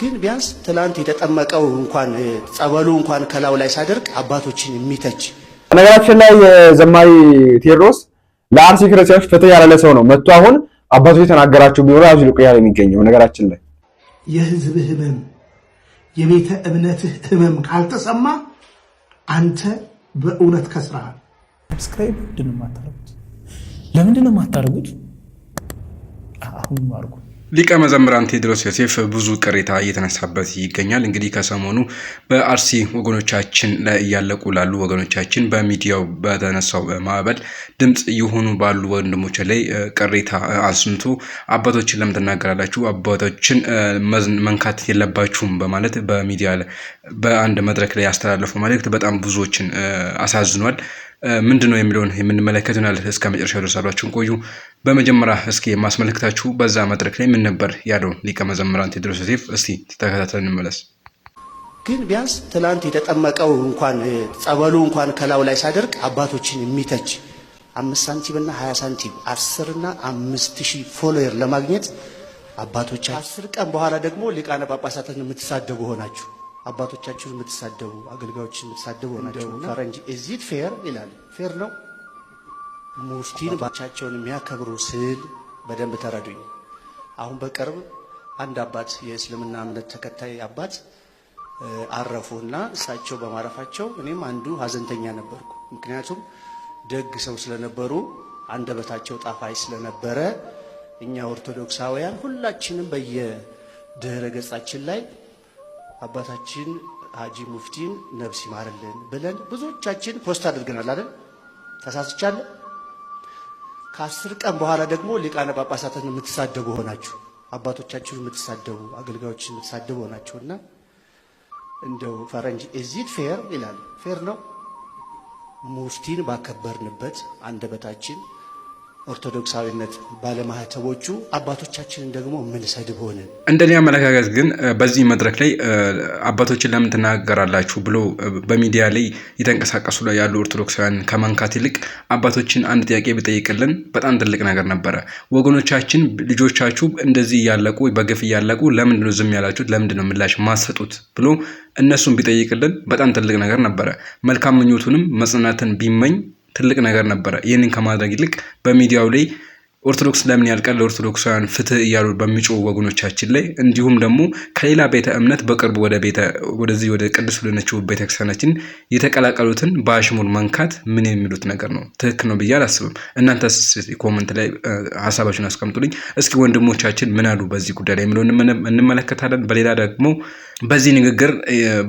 ግን ቢያንስ ትላንት የተጠመቀው እንኳን ጸበሉ እንኳን ከላው ላይ ሳደርግ አባቶችን የሚተች ነገራችን ላይ ዘማሪ ቴዎድሮስ ለአርሲ ክርስቲያኖች ፍትህ ያላለ ሰው ነው። መጥቶ አሁን አባቶች የተናገራቸው ቢኖረ አብዚ ሉቅያ የሚገኘው ነገራችን ላይ የህዝብ ህመም፣ የቤተ እምነትህ ህመም ካልተሰማ አንተ በእውነት ከስራሃል። ሰብስክራይብ ምንድን ነው የማታረጉት? ለምንድን ነው የማታረጉት? አሁን አድርጉ። ሊቀ መዘምራን ቴድሮስ ዮሴፍ ብዙ ቅሬታ እየተነሳበት ይገኛል። እንግዲህ ከሰሞኑ በአርሲ ወገኖቻችን ላይ እያለቁ ላሉ ወገኖቻችን በሚዲያው በተነሳው ማዕበል ድምፅ የሆኑ ባሉ ወንድሞች ላይ ቅሬታ አስምቶ አባቶችን ለምን ትናገራላችሁ? አባቶችን መንካት የለባችሁም በማለት በሚዲያ በአንድ መድረክ ላይ ያስተላለፉ መልእክት በጣም ብዙዎችን አሳዝኗል። ምንድን ነው የሚለውን የምንመለከት ይሆናል። እስከ መጨረሻው ደርሳሏችሁን ቆዩ። በመጀመሪያ እስኪ የማስመለክታችሁ በዛ መድረክ ላይ ምን ነበር ያለውን ሊቀ መዘምራን ቴድሮስ ዮሴፍ እስቲ ተከታተል እንመለስ። ግን ቢያንስ ትላንት የተጠመቀው እንኳን ጸበሉ እንኳን ከላው ላይ ሳደርግ አባቶችን የሚተች አምስት ሳንቲምና ሀያ ሳንቲም አስርና አምስት ሺህ ፎሎየር ለማግኘት አባቶች አስር ቀን በኋላ ደግሞ ሊቃነ ጳጳሳትን የምትሳደቡ ሆናችሁ አባቶቻችሁን የምትሳደቡ አገልጋዮችን የምትሳደቡ ናቸውና ፈረንጅ እዚት ፌር ይላል። ፌር ነው። ሙፍቲን ባቻቸውን የሚያከብሩ ስል በደንብ ተረዱኝ። አሁን በቅርብ አንድ አባት የእስልምና እምነት ተከታይ አባት አረፉና እሳቸው በማረፋቸው እኔም አንዱ ሀዘንተኛ ነበርኩ። ምክንያቱም ደግ ሰው ስለነበሩ አንደበታቸው ጣፋጭ ስለነበረ እኛ ኦርቶዶክሳውያን ሁላችንም በየድህረ ገጻችን ላይ አባታችን ሀጂ ሙፍቲን ነብስ ይማርልን ብለን ብዙዎቻችን ፖስት አድርገናል አይደል? ተሳስቻለሁ። ከአስር ቀን በኋላ ደግሞ ሊቃነ ጳጳሳትን የምትሳደቡ ሆናችሁ አባቶቻችሁን የምትሳደቡ አገልጋዮችን የምትሳደቡ ሆናችሁና እንደው ፈረንጅ እዚት ፌር ይላል። ፌር ነው ሙፍቲን ባከበርንበት አንደበታችን ኦርቶዶክሳዊነት ባለማህተቦቹ አባቶቻችንን ደግሞ ምንሰድብ ሆንን። እንደኔ አመለካከት ግን በዚህ መድረክ ላይ አባቶችን ለምን ትናገራላችሁ ብሎ በሚዲያ ላይ የተንቀሳቀሱ ላይ ያሉ ኦርቶዶክሳውያን ከማንካት ይልቅ አባቶችን አንድ ጥያቄ ብጠይቅልን በጣም ትልቅ ነገር ነበረ። ወገኖቻችን፣ ልጆቻችሁ እንደዚህ እያለቁ በግፍ እያለቁ ለምንድን ነው ዝም ያላችሁት? ለምንድን ነው ምላሽ ማሰጡት ብሎ እነሱን ቢጠይቅልን በጣም ትልቅ ነገር ነበረ። መልካም ምኞቱንም መጽናትን ቢመኝ ትልቅ ነገር ነበረ። ይህንን ከማድረግ ይልቅ በሚዲያው ላይ ኦርቶዶክስ ለምን ያልቃል ለኦርቶዶክሳውያን ፍትህ እያሉ በሚጮው ወገኖቻችን ላይ እንዲሁም ደግሞ ከሌላ ቤተ እምነት በቅርቡ ወደዚህ ወደ ቅድስት ወደነችው ቤተክርስቲያናችን የተቀላቀሉትን በአሽሙር መንካት ምን የሚሉት ነገር ነው? ትክክል ነው ብዬ አላስብም። እናንተ ኮመንት ላይ ሀሳባችሁን አስቀምጡልኝ። እስኪ ወንድሞቻችን ምን አሉ በዚህ ጉዳይ ላይ የሚለው እንመለከታለን። በሌላ ደግሞ በዚህ ንግግር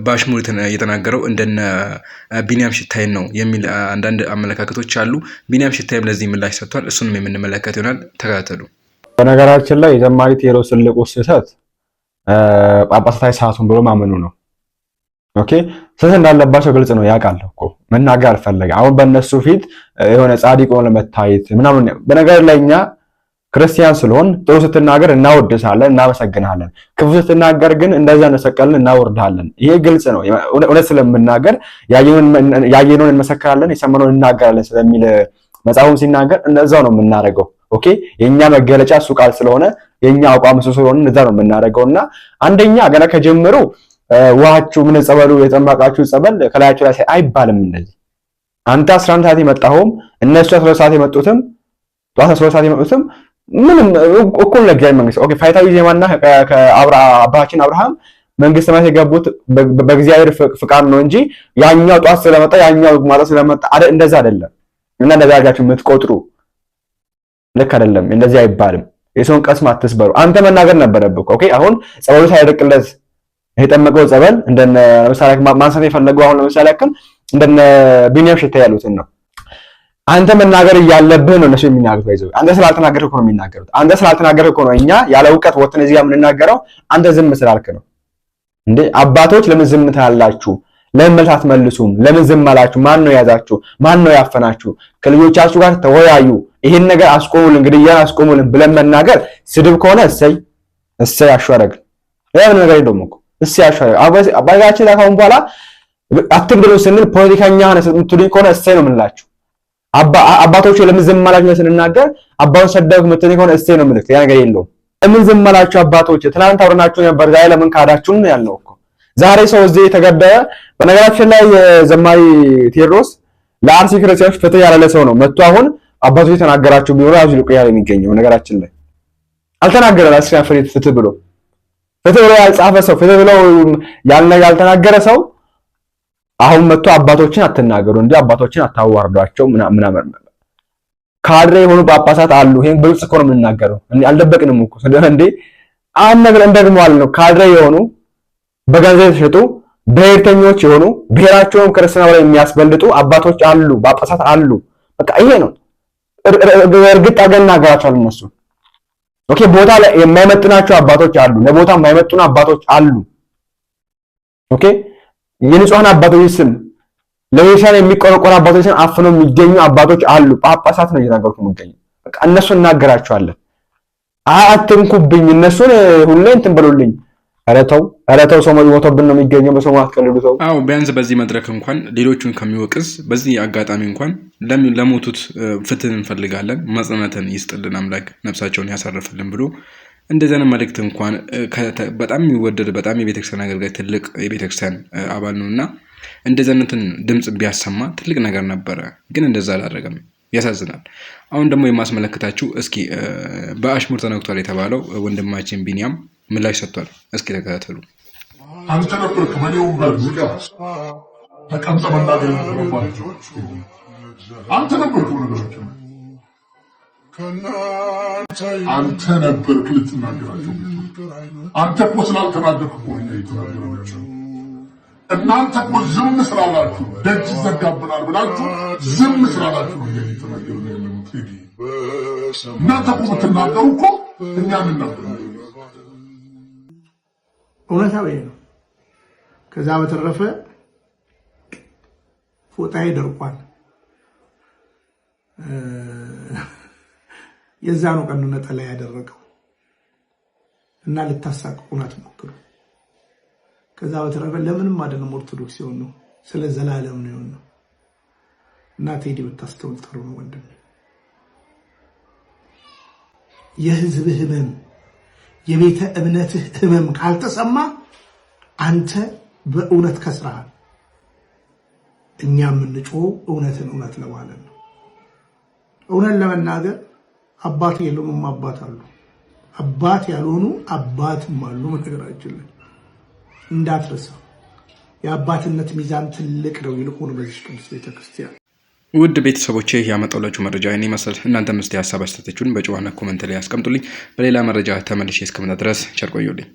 በአሽሙር የተናገረው እንደነ ቢኒያም ሽታይን ነው የሚል አንዳንድ አመለካከቶች አሉ። ቢኒያም ሽታይም ለዚህ ምላሽ ሰጥቷል። እሱንም የምንመለከት ይሆናል። ተከታተሉ። በነገራችን ላይ የዘማሪ ቴዎድሮስ ትልቁ ስህተት ጳጳሳታዊ ሰዓቱን ብሎ ማመኑ ነው። ኦኬ ስህተት እንዳለባቸው ግልጽ ነው፣ ያውቃል እኮ መናገር አልፈለገ። አሁን በእነሱ ፊት የሆነ ጻድቅ ለመታየት ምናምን በነገር ላይ እኛ ክርስቲያን ስለሆን ጥሩ ስትናገር እናወድሳለን፣ እናመሰግናለን። ክፉ ስትናገር ግን እንደዛ እንደሰቀልን እናወርድሃለን። ይሄ ግልጽ ነው። እውነት ስለምናገር ያየነውን እንመሰክራለን፣ የሰማነውን እናገራለን ስለሚል መጽሐፉም ሲናገር እንደዛው ነው የምናደርገው። ኦኬ የእኛ መገለጫ እሱ ቃል ስለሆነ የእኛ አቋም እሱ ስለሆነ እንደዛ ነው የምናደርገው እና አንደኛ ገና ከጀምሩ ውሃችሁ ምን ጸበሉ የጠማቃችሁ ጸበል ከላያቸው ላይ አይባልም። እንደዚህ አንተ 11 ሰዓት የመጣሁም እነሱ 12 ሰዓት የመጡትም ጠዋት 12 ሰዓት የመጡትም ምንም እኩል ነገር መንግስት። ኦኬ ፋይታዊ ዜማና አባታችን አብርሃም መንግስት ማለት የገቡት በእግዚአብሔር ፍቃድ ነው እንጂ ያኛው ጧት ስለመጣ ያኛው ማታ ስለመጣ አይደል? እንደዛ አይደለም። እና እንደዛ አድርጋችሁ የምትቆጥሩ ልክ አይደለም። እንደዚህ አይባልም። የሰውን ቀስም አትስበሩ። አንተ መናገር ነበረብህ። ኦኬ አሁን ጸበሉ ሳይደርቅለት የጠመቀው ጸበል እንደነ ለምሳሌ ማንሳት የፈለገው አሁን ለምሳሌ ያክል እንደ ቢኒያም ሽታ ያሉትን ነው አንተ መናገር እያለብህ ነው እነሱ የሚናገሩት። ይዘ አንተ ስላልተናገርህ እኮ ነው የሚናገሩት። አንተ ስላልተናገርህ እኮ ነው እኛ ያለ እውቀት ወጥተን እዚህ ጋር የምንናገረው። አንተ ዝም ስላልክ ነው እንዴ። አባቶች ለምን ዝም ትላላችሁ? ለምን መልስ አትመልሱም? ለምን ዝም አላችሁ? ማን ነው የያዛችሁ? ማን ነው ያፈናችሁ? ከልጆቻችሁ ጋር ተወያዩ። ይህን ነገር አስቆሙልን፣ ግድያን አስቆሙልን ብለን መናገር ስድብ ከሆነ እሰይ እሰይ አሸረግ ያን ነገር የለውም እኮ እሰይ አሸረግ አባታችን ካሁን በኋላ አትግደሉ ስንል ፖለቲከኛ ነህ የምትሉኝ ከሆነ እሰይ ነው የምንላችሁ አባቶቹ ለምን ዝም አላችሁ ስንናገር አባውን ሰደብክ ምትል ከሆነ እስቴ ነው ምልክት ያ ነገር የለውም። ለምን ዝም አላችሁ አባቶች? ትናንት አብረናችሁ ነበር፣ ዛሬ ለምን ነው ያለው እኮ ዛሬ ሰው እዚህ የተገደለ። በነገራችን ላይ የዘማሪ ቴዎድሮስ ለአርሲ ክርስቲያኖች ፍትህ ያለለ ሰው ነው። መጥቶ አሁን አባቶች የተናገራችሁ ቢሆን አብዚ ልቁ ያለ የሚገኘው ነገራችን ላይ አልተናገረም። አስሪያ ፍሬት ፍትህ ብሎ ፍትህ ብሎ ያልጻፈ ሰው ፍትህ ብሎ ያልተናገረ ሰው አሁን መጥቶ አባቶችን አትናገሩ እንዲህ አባቶችን አታዋርዷቸው ምናምን ካድሬ የሆኑ ጳጳሳት አሉ። ይሄን ግልጽ እኮ ነው የምናገረው። አልደበቅንም እኮ ስለዚህ እንዴ አነግረን እንደግመዋለን ነው ካድሬ የሆኑ በገንዘብ የተሸጡ ብሔርተኞች የሆኑ ብሔራቸውን ክርስትና ላይ የሚያስበልጡ አባቶች አሉ፣ ጳጳሳት አሉ። በቃ ይሄ ነው። እርግጥ አድርገን እናገራቸዋለን። እነሱ ኦኬ፣ ቦታ ላይ የማይመጥናቸው አባቶች አሉ፣ ለቦታ የማይመጥኑ አባቶች አሉ። ኦኬ የንጹሐን አባቶች ስም ለቤተክርስቲያን የሚቆረቆር አባቶች ስም አፍኖ የሚገኙ አባቶች አሉ። ጳጳሳት ነው እየተናገርኩ የሚገኙ በቃ እነሱ እናገራቸዋለን። አትንኩብኝ፣ እነሱን ሁሌ እንትን በሉልኝ። ረተው ረተው ሰው ሞቶብን ነው የሚገኘው። በሰው አትቀልዱ ሰው። አዎ ቢያንስ በዚህ መድረክ እንኳን ሌሎቹን ከሚወቅስ በዚህ አጋጣሚ እንኳን ለሞቱት ፍትህን እንፈልጋለን። መጽነትን ይስጥልን አምላክ ነፍሳቸውን ያሳርፍልን ብሎ እንደዚህ መልእክት እንኳን በጣም የሚወደድ በጣም የቤተክርስቲያን አገልጋይ ትልቅ የቤተክርስቲያን አባል ነው እና እንደዚህ ድምፅ ቢያሰማ ትልቅ ነገር ነበረ። ግን እንደዛ አላደረገም። ያሳዝናል። አሁን ደግሞ የማስመለከታችሁ እስኪ በአሽሙር ተነክቷል የተባለው ወንድማችን ቢኒያም ምላሽ ሰጥቷል። እስኪ ተከታተሉ። አንተ ነበርክ መኔውም በሙዚቃ ተቀምጠ መናገር ነበረባቸው አንተ ነበርክ ነገሮች አንተ ነበርክ ልትናገራቸው። አንተ እኮ ስላልተናገርክ እኮ እኛ የተናገርናቸው። እናንተ እኮ ዝም ስላላችሁ ደጅ ይዘጋብናል ብላችሁ ዝም ስላላችሁ ነው እኛ የተናገርን ያለነው። እናንተ እኮ ብትናገሩ እኮ እኛ እንናገር። እውነታ ወይ ነው። ከዛ በተረፈ ፎጣዬ ደርቋል። የዛ ነው ቀኑ ነጠላ ያደረገው እና ልታሳቅቁን አትሞክሩ። ከዛ በተረፈ ለምንም አይደለም ኦርቶዶክስ የሆን ነው ስለ ዘላለም ነው የሆን ነው እና ቴዲ ብታስተውል ጥሩ ነው ወንድም። የህዝብ ህመም የቤተ እምነትህ ህመም ካልተሰማ አንተ በእውነት ከስራሃል። እኛ የምንጮ እውነትን እውነት ለማለት ነው። እውነት ለመናገር አባት የለውም አባት አሉ። አባት ያልሆኑ አባትም አሉ። በነገራችን ላይ እንዳትረሳ የአባትነት ሚዛን ትልቅ ነው። ይልቁን በዚህ ቅዱስ ቤተክርስቲያን ውድ ቤተሰቦቼ ያመጣሁላችሁ መረጃ ይህን ይመስላል። እናንተ እስቲ ሀሳብ አስተያየታችሁን በጨዋነት ኮመንት ላይ ያስቀምጡልኝ። በሌላ መረጃ ተመልሼ እስከምና ድረስ ቸር ቆዩልኝ።